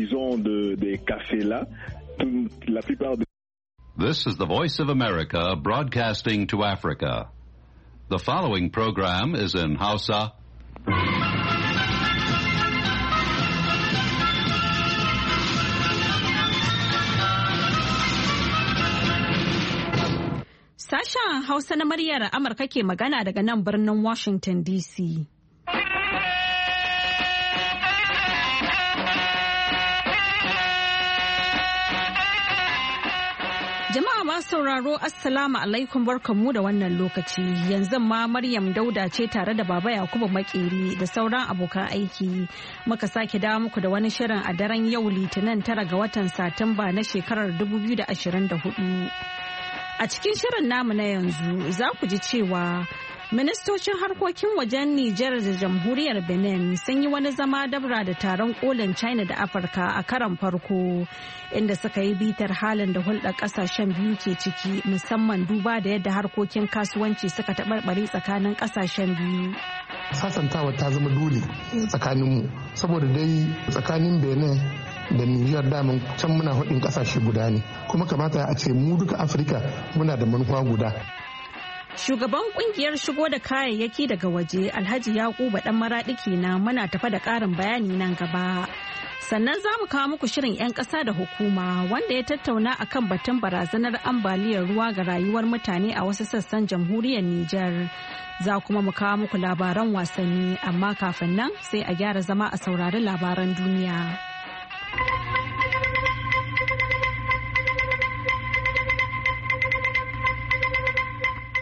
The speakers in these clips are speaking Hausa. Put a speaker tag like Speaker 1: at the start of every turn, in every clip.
Speaker 1: disons, de, des cafés-là, la plupart des
Speaker 2: This is the Voice of America broadcasting to Africa. The following program is in Hausa.
Speaker 3: Sasha Hausa na muryar Amurka ke magana daga nan birnin Washington DC. sauraro Assalamu alaikum barkanmu da wannan lokaci yanzu ma Maryam Dauda ce tare da Baba Yakubu Makeri da sauran abokan aiki muka sake dawo muku da wani shirin a daren yau Litinin tara ga watan Satumba na shekarar 2024. A cikin shirin namu na yanzu za ku ji cewa Ministocin harkokin wajen Nijar da jamhuriyar Benin sun yi wani zama dabra da taron kolin China da Afirka a karan farko inda suka yi bitar halin da hulɗar ƙasashen biyu ke ciki musamman duba da yadda harkokin kasuwanci suka taɓarɓare tsakanin ƙasashen biyu.
Speaker 1: Sasantawa ta zama dole tsakaninmu saboda dai tsakanin Benin da Nijar daman can muna hudin ƙasashe guda ne kuma kamata a ce mu duka Afirka muna da manufa guda.
Speaker 3: Shugaban kungiyar shigo da kayayyaki daga waje Alhaji yakubu dan maraɗi kenan muna tafa da ƙarin bayani nan gaba. Sannan za mu kawo muku shirin 'yan ƙasa da hukuma wanda ya tattauna a kan batun barazanar ambaliyar ruwa ga rayuwar mutane a wasu sassan jamhuriyar Nijar. Za kuma mu kawo muku labaran wasanni amma kafin nan sai a gyara zama a saurari labaran duniya.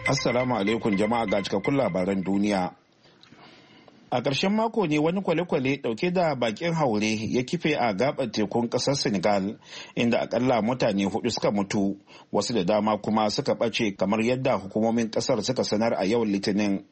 Speaker 4: Assalamu alaikum jama'a ga cikakkun labaran duniya. A ƙarshen mako ne wani kwalekwale ɗauke da bakin haure ya kife a gaɓar tekun ƙasar Senegal inda akalla mutane hudu suka mutu wasu da dama kuma suka ɓace kamar yadda hukumomin ƙasar suka sanar a yau litinin.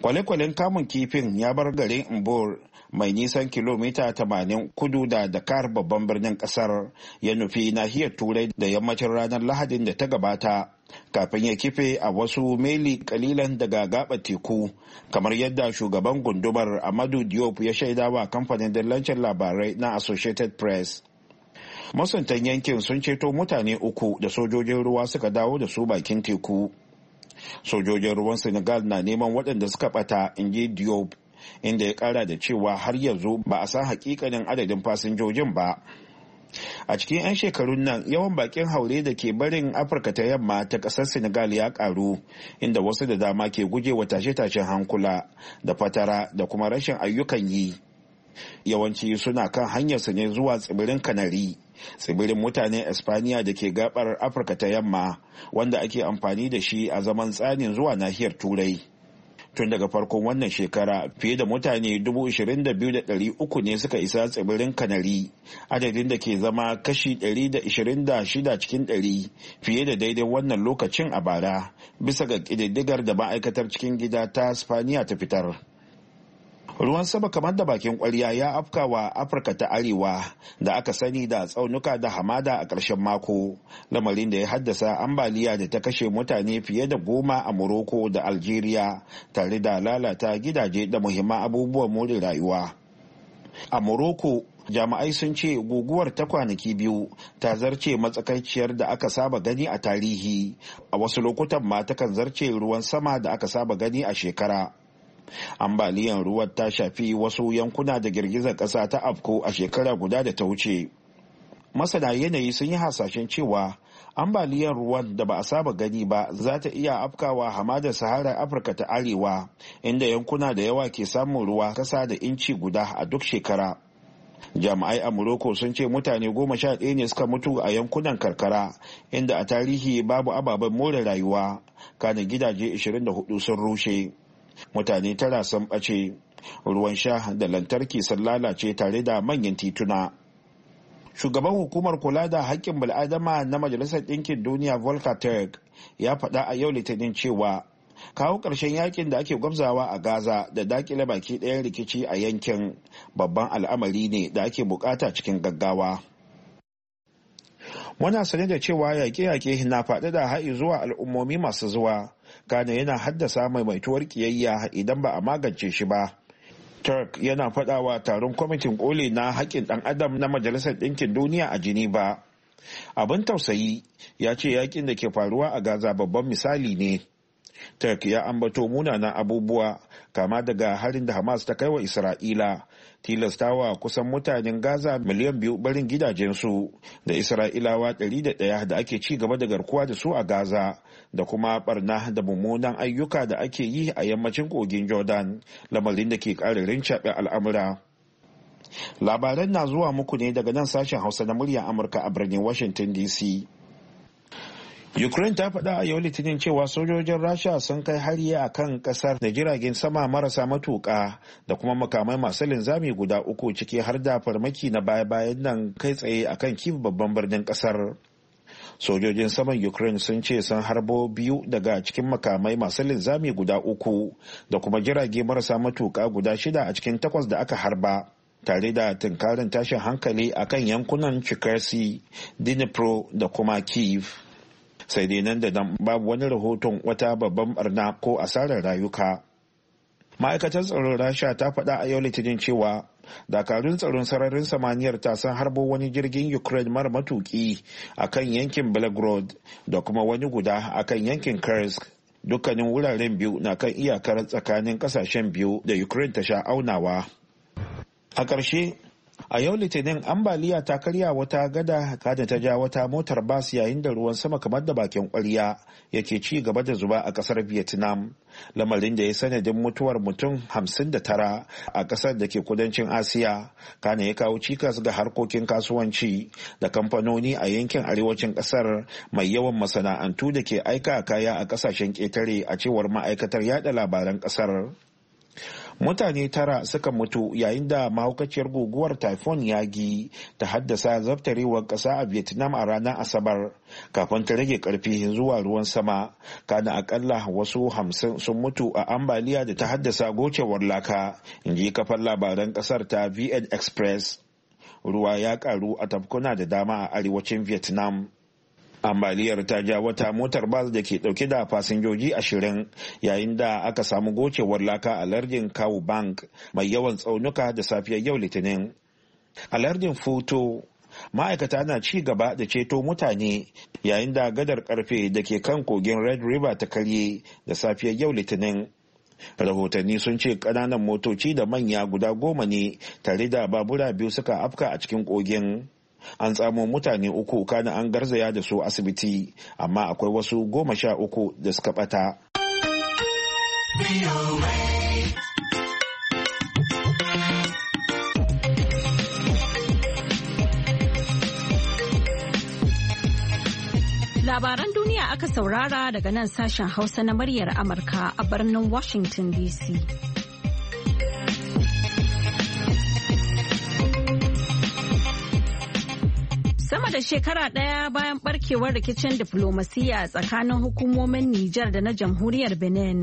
Speaker 4: Kwale-kwalen kamun kifin ya bar garin Mbor mai nisan kilomita tamanin kudu da Dakar babban birnin ƙasar ya nufi nahiyar Turai da yammacin ranar Lahadin da ta gabata. kafin ya kife a wasu meli kalilan daga gaba teku kamar yadda shugaban gundumar amadu diop ya shaida wa kamfanin dillancin labarai na associated press masuntan yankin sun ceto mutane uku da sojojin ruwa suka dawo da su bakin teku sojojin ruwan senegal na neman waɗanda suka ɓata inji diop inda ya ƙara da cewa har yanzu ba a san hakikanin adadin fasinjojin ba a cikin 'yan shekarun nan yawan bakin haure da ke barin afirka ta yamma ta kasar senegal ya karu inda wasu da dama ke guje wa tashe-tashen hankula da fatara da kuma rashin ayyukan yi yawanci suna kan hanyarsu ne zuwa tsibirin kanari tsibirin mutanen espaniya da ke gabar afirka ta yamma wanda ake amfani da shi a zaman tsanin zuwa nahiyar turai tun daga farkon wannan shekara fiye da mutane 22,300 ne suka isa tsibirin kanari adadin da ke zama kashi 126 cikin 100 fiye da daidai wannan lokacin a bara bisa ga ƙididdigar da ma'aikatar cikin gida ta spaniya ta fitar ruwan sama kamar da bakin kwarya ya afka wa afirka ta arewa da aka sani da tsaunuka da hamada a ƙarshen mako lamarin da ya haddasa ambaliya da ta kashe mutane fiye da goma a morocco da algeria tare da lalata gidaje da muhimman abubuwan more rayuwa a morocco jami'ai sun ce guguwar ta kwanaki biyu ta zarce matsakaiciyar da aka saba gani a tarihi a wasu lokutan ma takan zarce ruwan sama da aka saba gani a shekara ambaliyan ruwan ta shafi wasu yankuna da girgizar ƙasa ta afko a shekara guda da ta wuce masana yanayi sun yi hasashen cewa ambaliyar ruwan da ba a saba gani ba za ta iya afkawa hamadar sahara afirka ta arewa inda yankuna da yawa ke samun ruwa ƙasa da inci guda a duk shekara jami'ai a morocco sun ce mutane goma sha ɗaya ne suka mutu a yankunan karkara inda a tarihi babu ababen more rayuwa kanin gidaje 24 sun rushe mutane tara sun ɓace ruwan sha da lantarki sun lalace tare da manyan tituna shugaban hukumar kula da haƙƙin bil'adama na majalisar ɗinkin duniya volker ya faɗa a yau litinin cewa kawo ƙarshen yakin da ake gwamzawa a gaza da dakile baki ɗayan rikici a yankin babban al'amari ne da ake bukata cikin gaggawa muna sane da cewa yaƙe-yaƙe na faɗi da ha'i zuwa al'ummomi masu zuwa kana yana haddasa maimaituwar kiyayya idan ba a magance shi ba turk yana faɗawa taron kwamitin koli na haƙƙin ɗan adam na majalisar ɗinkin duniya a geneva abin tausayi ya ce yakin da ke faruwa a gaza babban misali ne turk ya ambato munanan abubuwa kama daga harin da hamas ta kai wa isra'ila tilastawa kusan mutanen gaza miliyan biyu barin gidajensu da isra'ilawa ɗaya da ake ci gaba da garkuwa da su a gaza da kuma barna da mummunan ayyuka da ake yi a yammacin kogin jordan lamarin da ke karin rincaɓe al'amura labaran na zuwa muku ne daga nan sashen hausa na muryar amurka a birnin washington dc ukraine ta faɗa a yau litinin cewa sojojin rasha sun kai hari a kan ƙasar da jiragen sama marasa matuƙa da kuma makamai masu linzami guda uku ciki har da farmaki na baya-bayan nan kai tsaye a kan kif babban birnin ƙasar sojojin saman ukraine sun ce sun harbo biyu daga cikin makamai masu linzami guda uku da kuma jirage marasa matuka guda shida a cikin takwas da aka harba tare da tunkarin tashin hankali a kan yankunan chikersi dnipro da kuma kiev sai dai nan da nan babu wani rahoton wata babban barna ko asarar rayuka ma'aikatar tsaron rasha ta faɗa a yau litinin cewa dakarun tsaron sararin samaniyar ta san harbo wani jirgin ukraine mara matuki a kan yankin belgrade da kuma wani guda a kan yankin kursk dukkanin wuraren biyu na kan iyakar tsakanin kasashen biyu da ukraine ta sha aunawa a ƙarshe a yau litinin ambaliya ta karya wata gada kada ta ja wata motar bas yayin da ruwan sama kamar da bakin kwarya yake ci gaba da zuba a kasar vietnam lamarin da ya sanadin mutuwar mutum hamsin da tara a kasar da ke kudancin asiya kana ya kawo cikas ga harkokin kasuwanci da kamfanoni a yankin arewacin kasar mai yawan masana'antu da ke aika kaya a kasashen ketare a cewar ma'aikatar yada labaran kasar mutane tara suka mutu yayin da mahaukaciyar guguwar typhoon gi. ta haddasa zaftarewar ƙasa a vietnam a ranar asabar kafin ta rage karfi zuwa ruwan sama kana akalla wasu hamsin sun mutu a ambaliya da ta haddasa gocewar laka in ji kafar labaran ƙasar ta vn express ruwa ya karu a tafkuna da dama a arewacin vietnam ambaliyar ta ja wata motar bas da ke dauke da fasinjoji ashirin yayin da aka samu gocewar laka a lardin kawu bank mai yawan tsaunuka da safiyar yau litinin a lardin foto ma'aikata na ci gaba da ceto mutane yayin da gadar karfe da ke kan kogin red river ta karye da safiyar yau litinin rahotanni sun ce kananan motoci da manya guda goma ne tare da babura biyu suka afka a cikin kogin an tsamo mutane uku kana an garzaya da su asibiti amma akwai wasu goma sha uku da suka bata
Speaker 3: labaran duniya aka saurara daga nan sashen hausa na muryar amurka a birnin washington dc da shekara ɗaya bayan barkewar rikicin diflomasiyya tsakanin hukumomin Nijar da na jamhuriyar Benin,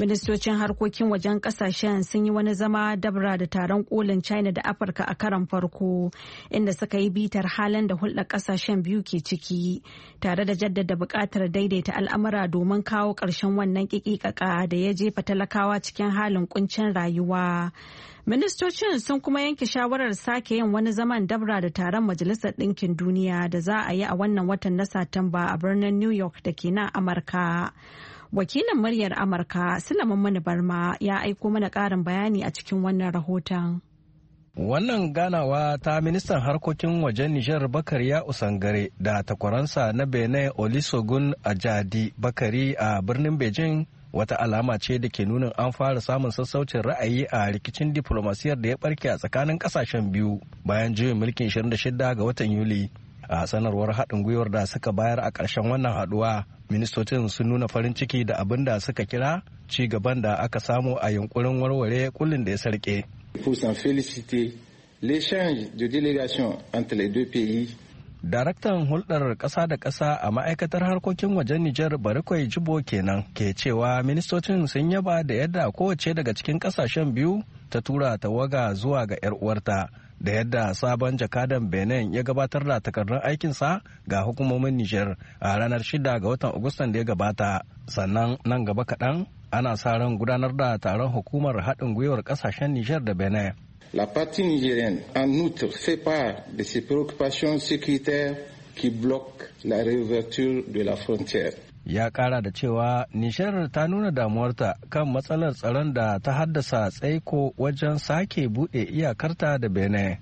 Speaker 3: ministocin harkokin wajen kasashen sun yi wani zama dabra da taron kolin China da Afirka a karan farko, inda suka yi bitar halin da hulɗar kasashen biyu ke ciki, tare da jaddada buƙatar daidaita al'amura domin kawo ƙarshen wannan ƙiƙiƙaƙa da ya jefa talakawa cikin halin kuncin rayuwa. Ministocin sun kuma yanke shawarar sake yin wani zaman dabra da taron Majalisar Ɗinkin Duniya. duniya da za a yi a wannan watan na satamba a birnin New York da ke nan Amurka. Wakilin muryar Amurka Sulaiman Mani Barma ya aiko mana ƙarin bayani a cikin wannan rahoton.
Speaker 5: Wannan ganawa ta ministan harkokin wajen Nijar Bakari Usangare da takwaransa na Benin a Ajadi Bakari a birnin Beijing wata alama ce da ke nuna an fara samun sassaucin ra'ayi a rikicin diplomasiyar da ya barke a tsakanin kasashen biyu bayan juyin mulkin 26 ga watan Yuli. a sanarwar haɗin gwiwar da suka bayar a ƙarshen wannan haɗuwa ministocin sun nuna farin ciki da abin da suka kira ci gaban da aka samu a yunkurin warware
Speaker 6: kullum da ya sarke.
Speaker 5: Daraktan hulɗar ƙasa da ƙasa a ma'aikatar harkokin wajen Nijar Barikwai Jibo kenan ke cewa ministocin sun yaba da yadda kowace daga cikin ƙasashen biyu ta tura tawaga zuwa ga 'yar uwarta. da yadda sabon jakadan benin ya gabatar da takardun aikinsa ga hukumomin nijar a ranar 6 ga watan agustan da ya gabata sannan nan gaba kaɗan ana sa ran gudanar da taron hukumar haɗin gwiwar ƙasashen nijar da benin
Speaker 6: La partie nigérienne, en outre, fait part de ses préoccupations sécuritaires qui bloquent la réouverture de la frontière.
Speaker 5: ya kara da cewa nishirar ta nuna damuwarta kan matsalar tsaron da ta haddasa tsaiko wajen sake buɗe iyakarta da benin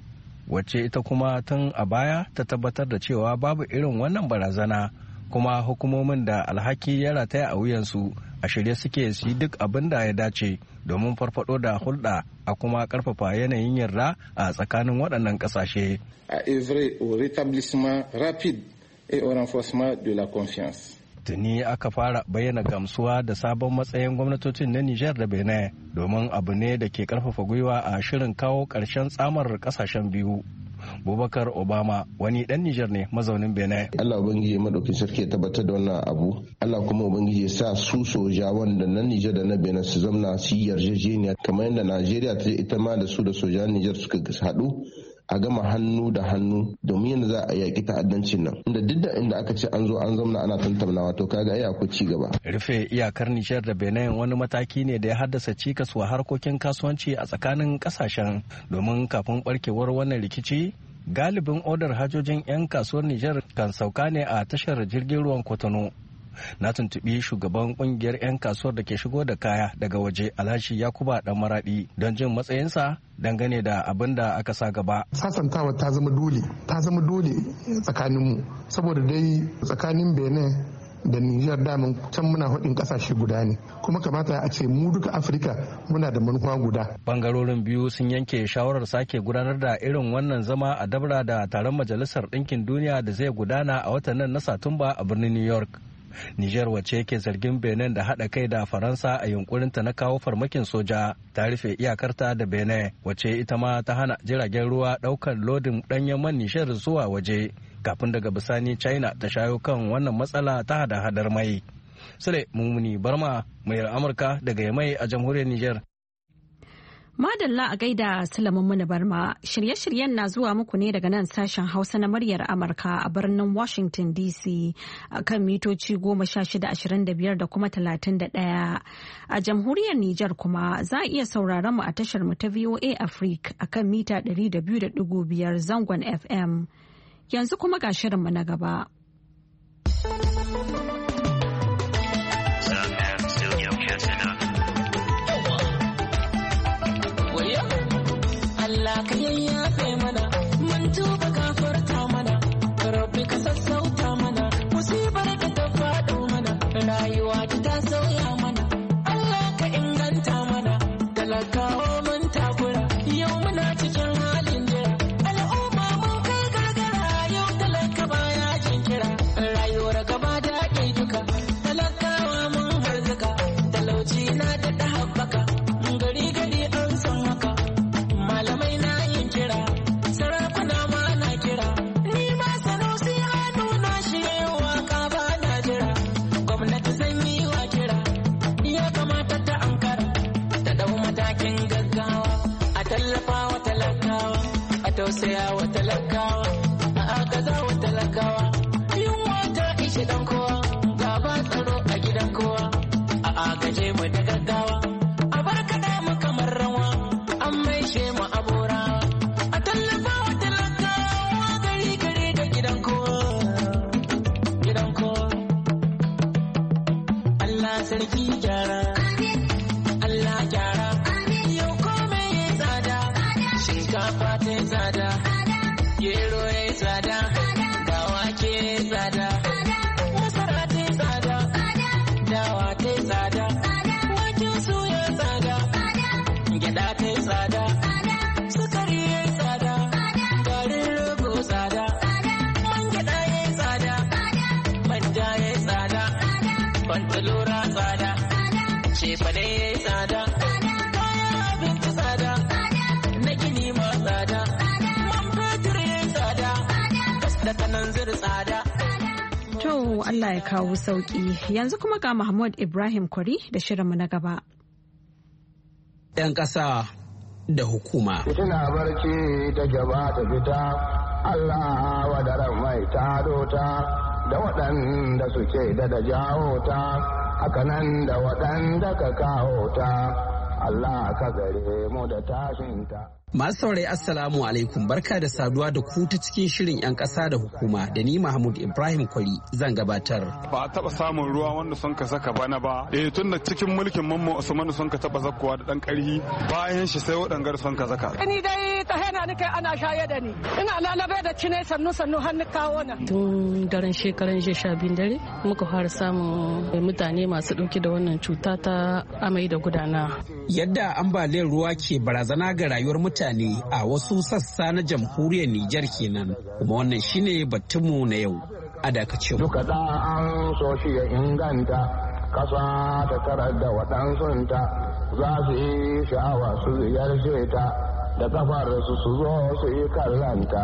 Speaker 5: wacce ita kuma tun a baya ta tabbatar da cewa babu irin wannan barazana kuma hukumomin da alhaki ya rataya a wuyansu a shirye suke su duk abin da ya dace domin farfado da hulɗa a kuma karfafa yanayin yarda a tsakanin waɗannan ƙasashe.
Speaker 6: a œuvrer au rétablissement rapide et au renforcement de la confiance. tuni
Speaker 5: aka fara bayyana gamsuwa da sabon matsayin gwamnatocin na Nijar da Benin domin abu ne da ke karfafa gwiwa a shirin kawo karshen tsamar kasashen biyu. Bubakar Obama
Speaker 6: wani dan Nijar ne mazaunin Benin. Allah Ubangiji ya madauki sarki ya tabbatar da wannan abu. Allah kuma Ubangiji ya sa su sojawan da na Nijar da na Benin su zamna su yi yarjejeniya kamar yadda Najeriya ta ita ma da su da sojan Nijar suka haɗu a gama hannu da hannu domin yadda za a yaƙi ta'addancin nan inda duk da inda aka ce an zo an zamna ana tantaunawa to kaga ai akwai ci gaba
Speaker 5: rufe iyakar nishar da benin wani mataki ne da ya haddasa cikas wa harkokin kasuwanci a tsakanin kasashen domin kafin barkewar wannan rikici galibin odar hajojin 'yan kasuwar nijar kan sauka ne a tashar jirgin ruwan kotono na tuntubi shugaban kungiyar 'yan kasuwar da ke shigo da kaya daga waje alhaji yakuba dan maraɗi don jin matsayinsa dangane da abin da aka sa gaba.
Speaker 1: Sasantawa ta zama dole, ta zama dole tsakaninmu, saboda dai tsakanin Benin da Nijar daman can muna hudin kasashe guda ne kuma kamata a ce mu duka Afirka muna da manufa
Speaker 5: guda. Bangarorin biyu sun yanke shawarar sake gudanar da irin wannan zama a dabra da taron majalisar ɗinkin duniya da zai gudana a watan nan na Satumba a birnin New York. Nijar wace yake zargin Benin da haɗa kai da Faransa a yunkurinta na kawo farmakin soja ta rufe iyakarta da Benin wace ita ma ta hana jiragen ruwa ɗaukar lodin ɗanyen man Nijar zuwa waje kafin daga bisani China ta shayo kan wannan matsala ta hada-hadar mai. Sule Mumuni Barma, mayar Amurka daga Yamai a jamhuriyar Nijar.
Speaker 3: Madalla a gaida Sulaiman Muna Barma, shirye-shiryen na zuwa muku ne daga nan sashen Hausa na muryar Amurka a birnin Washington DC a kan mitoci 1625 da kuma 31. A jamhuriyar Nijar kuma za a iya sauraron mu a tashar mu ta VOA Africa a kan mita 200.5 zangon FM. Yanzu kuma ga shirinmu na gaba. Allah ya kawo sauki. Yanzu kuma ga Mahmud Ibrahim Kwari da shirinmu na gaba.
Speaker 7: 'Yan ƙasa da hukuma.
Speaker 8: Fitina barci ta gaba ta fita,
Speaker 3: Allah
Speaker 8: wadaran mai ta dota da waɗanda suke da da jawo ta, nan da waɗanda ka kawo ta, Allah ka gare mu da tashinta.
Speaker 7: Masu saurayi Assalamu alaikum barka da saduwa da ku ta cikin shirin 'yan ƙasa da hukuma da ni Mahmud Ibrahim Kwari zan gabatar.
Speaker 8: Ba a taɓa samun ruwa wanda
Speaker 4: sun ka saka bana ba. Eh tun da cikin mulkin Mamman Usman sun ka taɓa zakkuwa da ɗan ƙarhi bayan shi sai waɗangar sun ka zaka.
Speaker 9: Ni dai ta hana ni kai ana shaye da ni. Ina lalabe da cine sannu sannu hannu kawo na. Tun daren shekaran jiya sha biyun dare muka fara samun mutane masu ɗauke da wannan cuta ta amai da gudana.
Speaker 7: Yadda ambaliyar ruwa ke barazana ga rayuwar mutane mutane a wasu sassa na jamhuriyar Nijar kenan kuma wannan shine batunmu na yau a dakace duka da
Speaker 8: an so shi ya inganta kasa ta tarar da ta za su yi sha'awa su ziyarce ta da kafar su su zo su yi kallanta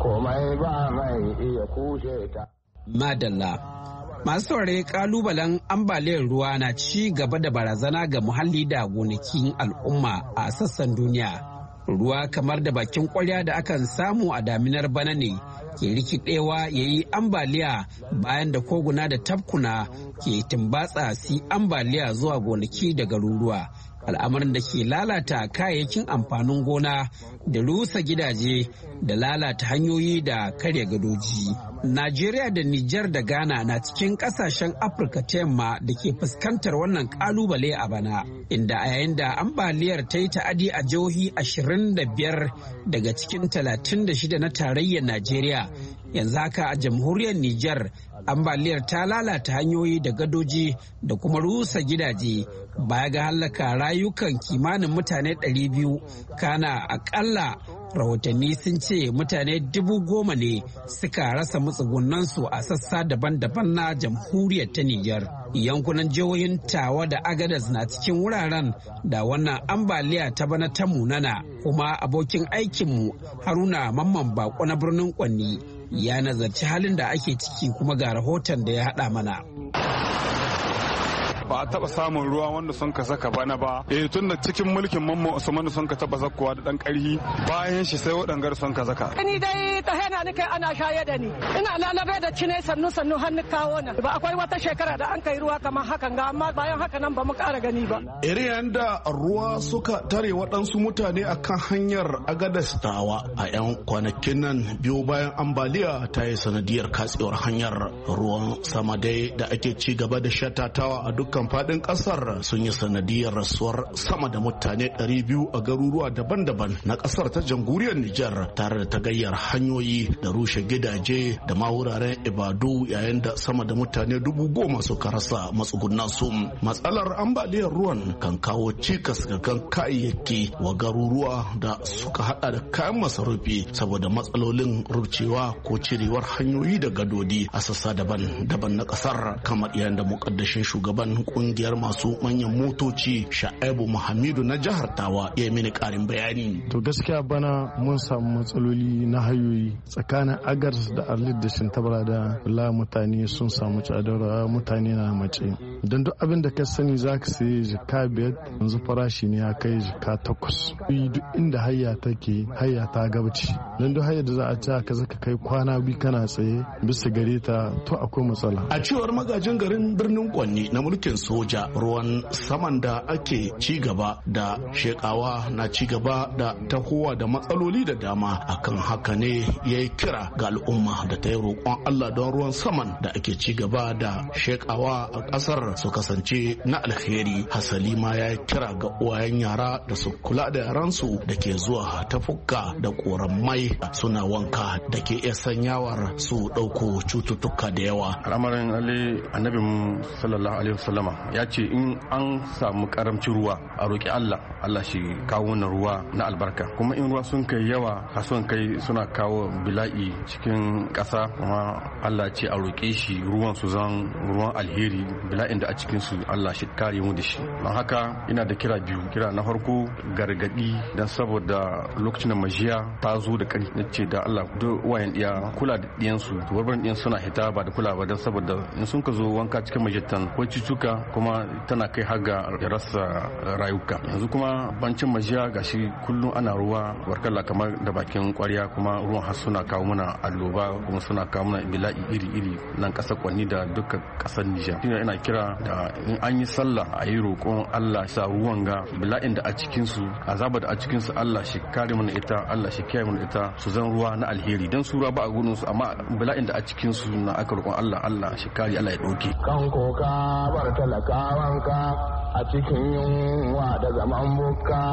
Speaker 8: komai ba mai iya kushe ta
Speaker 7: madalla Masu saurari kalubalen ambaliyar ruwa na ci gaba da barazana ga muhalli da gonakin al'umma a sassan duniya. ruwa kamar da bakin kwarya da akan samu a daminar bana ne ke rikidewa ya yi ambaliya bayan da koguna da tafkuna ke tumbatsa si ambaliya zuwa gonaki da garuruwa al'amarin da ke lalata kayayyakin amfanin gona da rusa gidaje da lalata hanyoyi da karya gadoji. Najeriya da Nijar da Ghana na cikin kasashen Afirka ta yamma da ke fuskantar wannan kalubale a bana, inda a yayin da ambaliyar ta yi ta'adi a jihohi 25 daga cikin 36 na tarayyar Najeriya yanzu haka a jamhuriyar Nijar ambaliyar ta lalata hanyoyi da gadoji da kuma rusa gidaje baya ga hallaka rayukan kimanin mutane 200 kana akalla rahotanni sun ce mutane dubu goma ne suka rasa matsugunansu a sassa daban-daban na jamhuriyar ta Nijar. yankunan jihohin tawa da Agadez na cikin wuraren da wannan ambaliya ta bana ta munana kuma abokin aikinmu haruna mamman bako na birnin kwanni ya nazarci halin da ake ciki kuma ga rahoton da ya haɗa mana.
Speaker 6: ba a taba samun ruwa wanda sun ka saka bana ba eh tun da cikin mulkin mamma
Speaker 4: usman sun ka taba zakkuwa da dan karhi bayan shi sai wadangar sun ka zaka
Speaker 2: ni dai ta hena ni kai ana shaye da ni ina lalabe da cine sannu sannu hannu kawo na. ba akwai wata shekara da an kai ruwa kamar hakan ga amma bayan haka nan ba mu kara gani ba
Speaker 1: irin yanda ruwa suka tare waɗansu mutane akan hanyar agadastawa a 'yan kwanakin nan biyu bayan ambaliya ta yi sanadiyar katsewar hanyar ruwan sama dai da ake ci gaba da shatatawa a dukkan dukkan fadin kasar sun yi sanadiyar rasuwar sama da mutane 200 a garuruwa daban-daban na kasar ta jamhuriyar Nijar tare da tagayyar hanyoyi da rushe gidaje da ma wuraren ibadu yayin da sama da mutane dubu goma suka rasa matsugunan su matsalar ambaliyar ruwan kan kawo cikas ga kan kayayyaki wa garuruwa da suka hada da kayan masarufi saboda matsalolin rubcewa ko cirewar hanyoyi da gadodi a sassa daban-daban na kasar kamar yayin da mukaddashin shugaban kungiyar masu manyan motoci Sha'ibu Muhammadu na jihar Tawa ya mini karin bayani. To gaskiya bana mun samu matsaloli na hayoyi tsakanin Agars da Arlit da Shintabra da la mutane sun samu cadar mutane na mace. Don duk abin da ka sani za ka sayi jika biyar yanzu farashi ne ya kai jika takwas. Duk inda hayya take hayya ta gabaci Don duk hayya da za a ci ka zaka kai kwana biyu kana tsaye bisa gare ta to akwai matsala. A cewar magajin garin birnin Kwanni na mulki mulkin soja ruwan saman da ake ci gaba da shekawa na ci gaba da tahowa da matsaloli da dama akan haka ne ya yi kira ga al'umma da ta yi roƙon Allah don ruwan saman da ake ci gaba da shekawa a ƙasar su kasance na alheri hasali ma ya yi kira ga uwayen yara da su kula da yaransu da ke zuwa fuka da koran mai suna wanka da ke iya sanyawar su ɗauko cututtuka da yawa.
Speaker 6: al'amarin ali sallallahu alaihi wasallam sallama ya ce in an samu karamcin ruwa a roƙi Allah Allah shi kawo na ruwa na albarka kuma in ruwa sun kai yawa kasuwan kai suna kawo bila'i cikin ƙasa kuma Allah ce a roƙe shi ruwan su zan ruwan alheri bila'in da a cikin su Allah shi kare mu da shi don haka ina da kira biyu kira na farko gargadi dan saboda lokacin da majiya ta zo da kan ce da Allah duk wayan diya kula da diyan su warban diyan suna hita ba da kula ba dan saboda in sun ka zo wanka cikin majittan ko cucuka kuma tana kai har ga rasa rayuka yanzu kuma bancin majiya gashi kullum ana ruwa warkalla kamar da bakin kwarya kuma ruwan har suna kawo mana alloba kuma suna kawo mana bila'i iri-iri nan kasar kwanni da duka kasar Nijar shine ina kira da in an yi sallah a yi roƙon Allah sa ruwan ga bila'in da a cikin su azaba da a cikin su Allah shi kare mana ita Allah shi kiyaye mana ita su zan ruwa na alheri dan su ruwa ba a gurin su amma bila'in da a cikin su na aka roƙon Allah Allah shi kare Allah ya dauke
Speaker 8: kan koka barta talakawanka a cikin yunwa da zaman bukka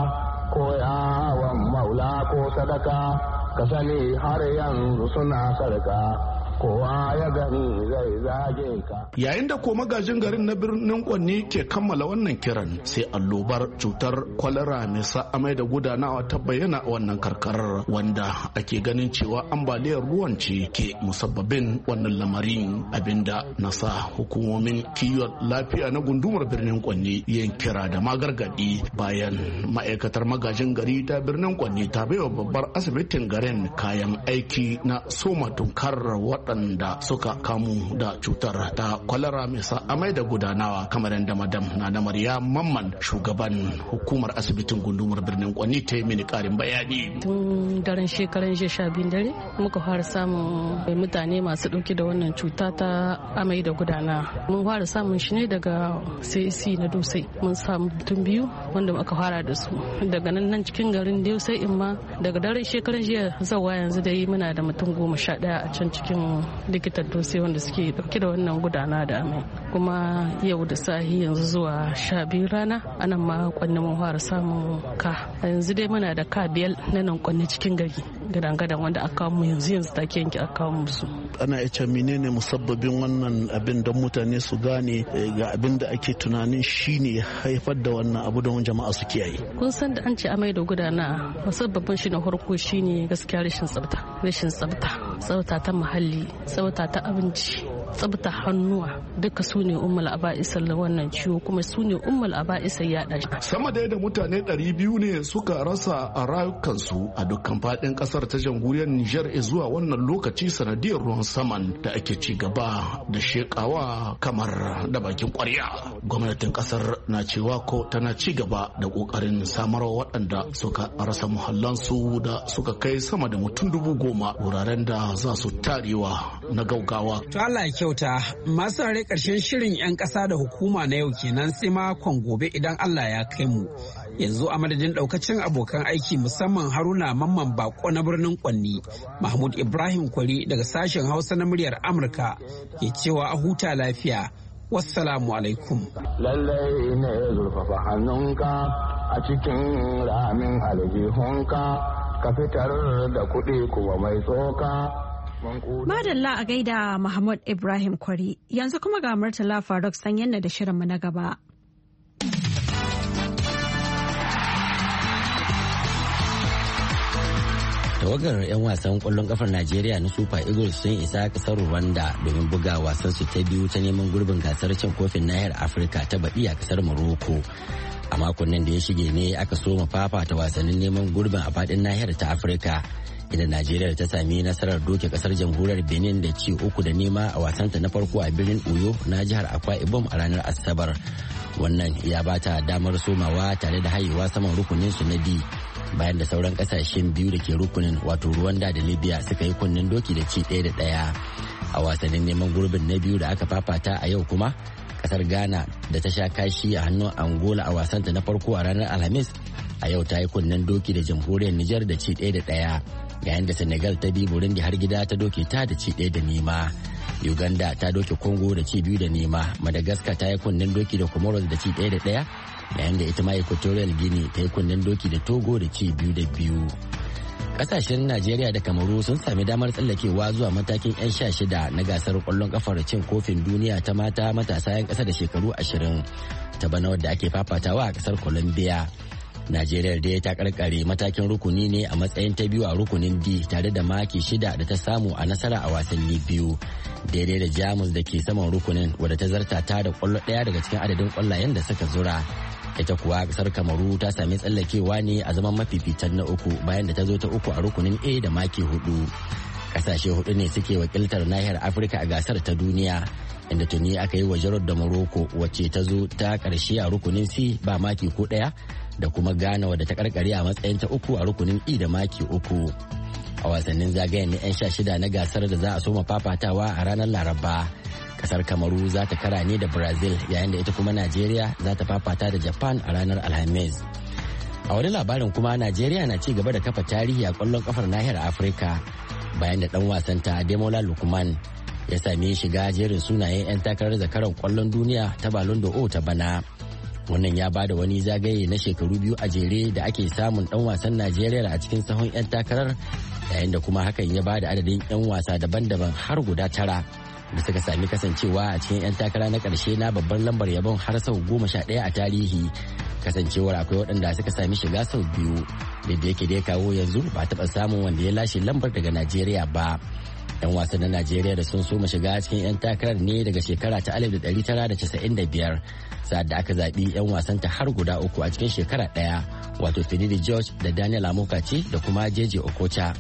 Speaker 8: ko yawon maula ko sadaka ka sani har yanzu suna sarka kowa ya gani zai zage ka.
Speaker 1: Yayin da ko magajin garin na birnin Kwanni ke kammala wannan kiran sai allobar cutar kwalara mai sa amai da gudanawa ta bayyana a wannan karkarar wanda ake ganin cewa ambaliyar ruwan ce ke musabbabin wannan lamarin abinda na sa hukumomin kiwon lafiya na gundumar birnin Kwanni yin kira da magargadi bayan ma'aikatar magajin gari ta birnin Kwanni ta baiwa babbar asibitin garin kayan aiki na soma tunkar waɗanda suka kamu da cutar ta kwalara mai sa amai da gudanawa kamar yadda madam na na maryam mamman shugaban hukumar asibitin gundumar birnin kwani ta yi mini karin bayani
Speaker 9: tun daren shekaran jiya sha biyun dare muka fara samun mutane masu ɗauke da wannan cuta ta amai da gudana mun fara samun shi ne daga cc e na dusai mun samu mutum biyu wanda aka fara da su daga nan nan cikin garin dusai in ma daga daren shekaran jiya zawa yanzu dai muna da mutum goma sha ɗaya a can cikin likitan sai wanda suke dauke da wannan gudana da amai kuma yau da sahi yanzu zuwa sha biyu rana anan ma kwanne mun fara samun ka yanzu dai muna da ka biyar na nan kwanne cikin gari gadan-gadan wanda aka mu yanzu yanzu ta yanke aka mu su
Speaker 1: ana ita menene musabbabin wannan abin don mutane su gane eh, ga abin da ake tunanin shine haifar da wannan abu don jama'a su kiyaye
Speaker 9: kun san da an ce amai da gudana musabbabin shi na farko shine gaskiya rashin tsafta rashin tsafta tsafta ta muhalli tsafta ta abinci tsabta hannuwa duka su ne ummul da wannan ciwo kuma su ne ummul aba'isa yaɗa shi
Speaker 1: sama da mutane 200 ne suka rasa a rayukansu a dukkan faɗin ƙasar ta jamhuriyar Nijar zuwa wannan lokaci sanadiyar ruwan saman da ake ci gaba da shekawa kamar da bakin kwarya gwamnatin ƙasar na cewa ko tana ci gaba da ƙoƙarin samarwa waɗanda suka rasa muhallansu da suka kai sama da mutum dubu goma wuraren da za su tarewa na gaugawa. kyauta masu rare ƙarshen
Speaker 7: shirin 'yan ƙasa da hukuma na yau kenan sai makon gobe idan Allah ya kai mu. Yanzu a madadin ɗaukacin abokan aiki musamman Haruna Mamman Bako na birnin Kwanni, Mahmud Ibrahim Kwari daga sashen Hausa na muryar Amurka ke cewa a huta lafiya. Wassalamu alaikum.
Speaker 8: Lallai zurfafa hannunka a cikin aljihunka ka da kuɗi kuma mai tsoka.
Speaker 3: Madalla a gaida Mahmud Ibrahim Kwari yanzu kuma ga Murtala Faruk sanyin da mu na gaba.
Speaker 10: Tawagar 'yan wasan kwallon kafar Najeriya na Super Eagles sun isa kasar Rwanda domin buga wasan su ta biyu ta neman gurbin gasar cin kofin nahiyar Afirka ta baɗi a kasar Morocco. A makon nan da ya shige ne aka soma ta wasannin neman gurbin a faɗin nahiyar ta Afirka. inda najeriya ta sami nasarar doke kasar jamhuriyar benin da ci uku da nema a wasanta na farko a birnin oyo na jihar akwa ibom a ranar asabar wannan ya bata damar somawa tare da haihuwa saman rukunin su na d bayan da sauran kasashen biyu da ke rukunin wato rwanda da libya suka yi kunnen doki da ci ɗaya da ɗaya a wasannin neman gurbin na biyu da aka fafata a yau kuma kasar ghana da ta sha kashi a hannun angola a wasanta na farko a ranar alhamis a yau ta yi kunnen doki da jamhuriyar nijar da ci ɗaya da ɗaya yayin da senegal ta bi burundi har gida ta doke ta da ci ɗaya da nema uganda ta doke congo da ci biyu da nema madagascar ta yi kunnen doki da comoros da ci ɗaya da ɗaya yayin da ita ma equatorial guinea ta yi kunnen doki da togo da ci biyu da biyu kasashen najeriya da kamaru sun sami damar tsallakewa zuwa matakin 'yan sha shida na gasar kwallon kafar cin kofin duniya ta mata matasa 'yan kasa da shekaru ashirin ta bana wadda ake fafatawa a kasar colombia Najeriya dai ta karkare matakin rukuni ne a matsayin ta biyu a rukunin D tare da maki shida da ta samu a nasara a wasanni biyu. Daidai da Jamus da ke saman rukunin wadda ta zarta ta da kwallo daya daga cikin adadin kwallayen da suka zura. Ita kuwa kasar Kamaru ta sami tsallakewa ne a zaman mafifitan na uku bayan da ta zo ta uku a rukunin A da maki hudu. Kasashe hudu ne suke wakiltar nahiyar Afirka a gasar ta duniya. inda tuni aka yi wa Jarar da Morocco wacce ta zo ta karshe a rukunin C ba maki ko daya. da kuma ghana wadda ta karkare a matsayin ta uku a rukunin e da maki uku a wasannin zagayen na 'yan sha shida na gasar da za a soma fafatawa a ranar laraba kasar kamaru za ta kara ne da brazil yayin da ita kuma najeriya za ta fafata da japan a ranar alhamis a wani labarin kuma najeriya na ci gaba da kafa tarihi a kwallon kafar nahiyar afirka bayan da dan wasan ta Ademola lukman ya sami shiga jerin sunayen 'yan takarar zakaran kwallon duniya ta balon d'Or ta bana wannan ya bada wani zagaye na shekaru biyu a jere da ake samun dan wasan najeriya a cikin sahun 'yan takarar yayin da kuma hakan ya bada adadin 'yan wasa daban-daban har guda tara da suka sami kasancewa a cikin 'yan takara na karshe na babban lambar yabon har sau goma sha ɗaya a tarihi kasancewar akwai waɗanda suka sami shiga sau biyu da yake da ya kawo yanzu ba taɓa samun wanda ya lashe lambar daga najeriya ba 'yan wasan na najeriya da sun soma shiga cikin 'yan takarar ne daga shekara ta 1995 sa'ad da aka zaɓi 'yan wasan ta har guda uku a cikin shekara ɗaya wato finidi george da daniel ce da kuma jeje okocha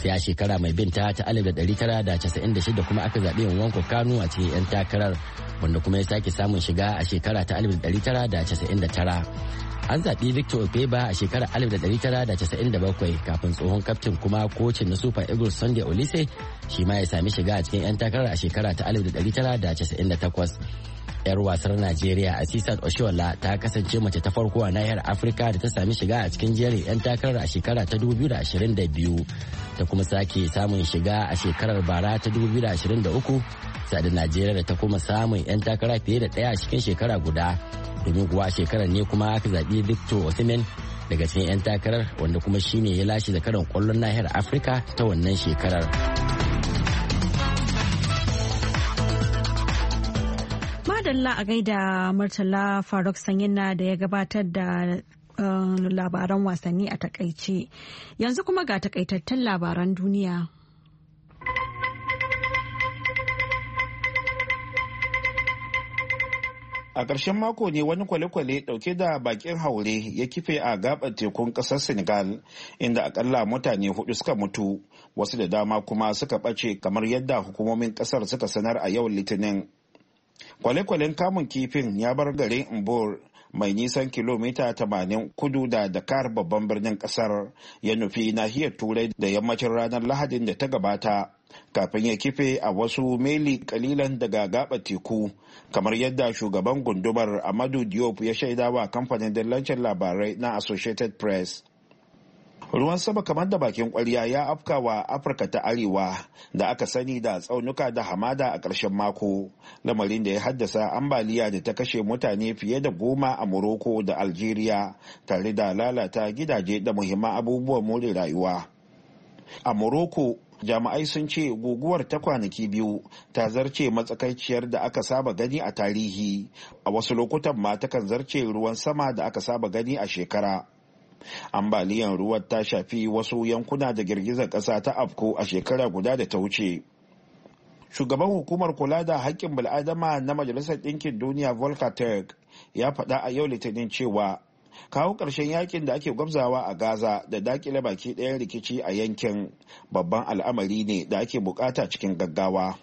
Speaker 10: sai a shekara mai binta ta 1996 kuma aka zaɓi wanko kanu a cikin 'yan takarar wanda kuma ya sake samun shiga a shekara ta 1999 an zaɓi victor Beba a shekarar 1997 kafin tsohon kaftin kuma kocin na super eagles sunday olise shi ma ya sami shiga a cikin 'yan takarar a shekara ta 1998 'yar wasar najeriya asisat Oshiwala ta kasance mace ta farko a nahiyar afirka da ta sami shiga a cikin jerin 'yan takarar a shekara ta 2022 ta kuma sake samun shiga a shekarar bara ta 2023 da najeriya da ta kuma samun 'yan takara fiye da ɗaya a cikin shekara guda domin kuwa shekarar ne kuma aka zaɓi victor osimhen daga cikin 'yan takarar wanda kuma shine ya lashe zakaran kwallon nahiyar afirka ta wannan shekarar.
Speaker 3: Madalla a gaida Murtala Faruk Sanyina da ya gabatar da uh, labaran wasanni a takaice. Yanzu kuma ga takaitattun labaran duniya.
Speaker 4: A ƙarshen mako ne wani kwale-kwale ɗauke da bakin haure ya kife a gaɓar tekun ƙasar Senegal, inda akalla mutane hudu suka mutu, wasu da dama kuma suka ɓace kamar yadda hukumomin ƙasar suka sanar a yau Litinin. kwale-kwalen kamun kifin ya bar garin mbor mai nisan kilomita 80 kudu da dakar babban birnin kasar ya nufi nahiyar turai da yammacin ranar lahadin da ta gabata kafin ya kife a wasu meli kalilan daga gaba teku kamar yadda shugaban gundumar amadu diop ya shaidawa kamfanin dillancin labarai na associated press ruwan sama kamar da bakin kwarya ya afka wa afirka ta arewa da aka sani da tsaunuka da hamada a ƙarshen mako lamarin da ya haddasa ambaliya da ta kashe mutane fiye da goma a morocco da algeria tare da lalata gidaje da muhimman abubuwan more rayuwa a morocco jami'ai sun ce guguwar ta kwanaki biyu ta zarce matsakaiciyar da aka saba gani a tarihi a wasu lokutan ma takan zarce ruwan sama da aka saba gani a shekara ambaliyan ruwan ta shafi wasu yankuna da girgizar ƙasa ta afko a shekara guda da ta wuce shugaban hukumar kula da haƙƙin bil'adama na majalisar ɗinkin duniya volker ya faɗa a yau litinin cewa kawo ƙarshen yakin da ake gwamzawa a gaza da dakile baki ɗayan rikici a yankin babban al'amari ne da ake buƙata cikin gaggawa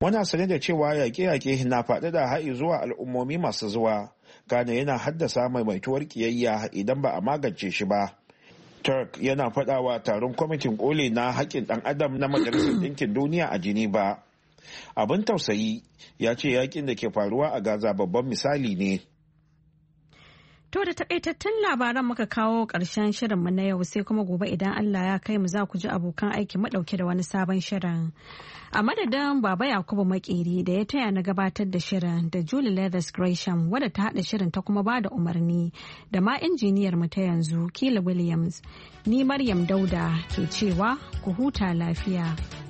Speaker 4: muna sane da cewa yaƙe-yaƙe na faɗi da ha'i zuwa al'ummomi masu zuwa gane yana haddasa maituwar kiyayya idan ba a magance shi ba turk yana faɗawa taron kwamitin koli na haƙƙin ɗan adam na majalisar ɗinkin duniya a geneva abin tausayi ya ce yakin da ke faruwa a gaza babban misali ne
Speaker 3: To da takaitattun labaran muka kawo ƙarshen shirin mu na yau sai kuma gobe idan Allah ya kai mu za ku ji abokan aiki madauke da wani sabon shirin. A madadin Baba Yakubu Makeri da ya taya na gabatar da shirin da Julie Leathers Gresham wadda ta haɗa shirin ta kuma ba da umarni da ma injiniyar mu ta yanzu Kila Williams. Ni Maryam Dauda ke cewa ku huta lafiya.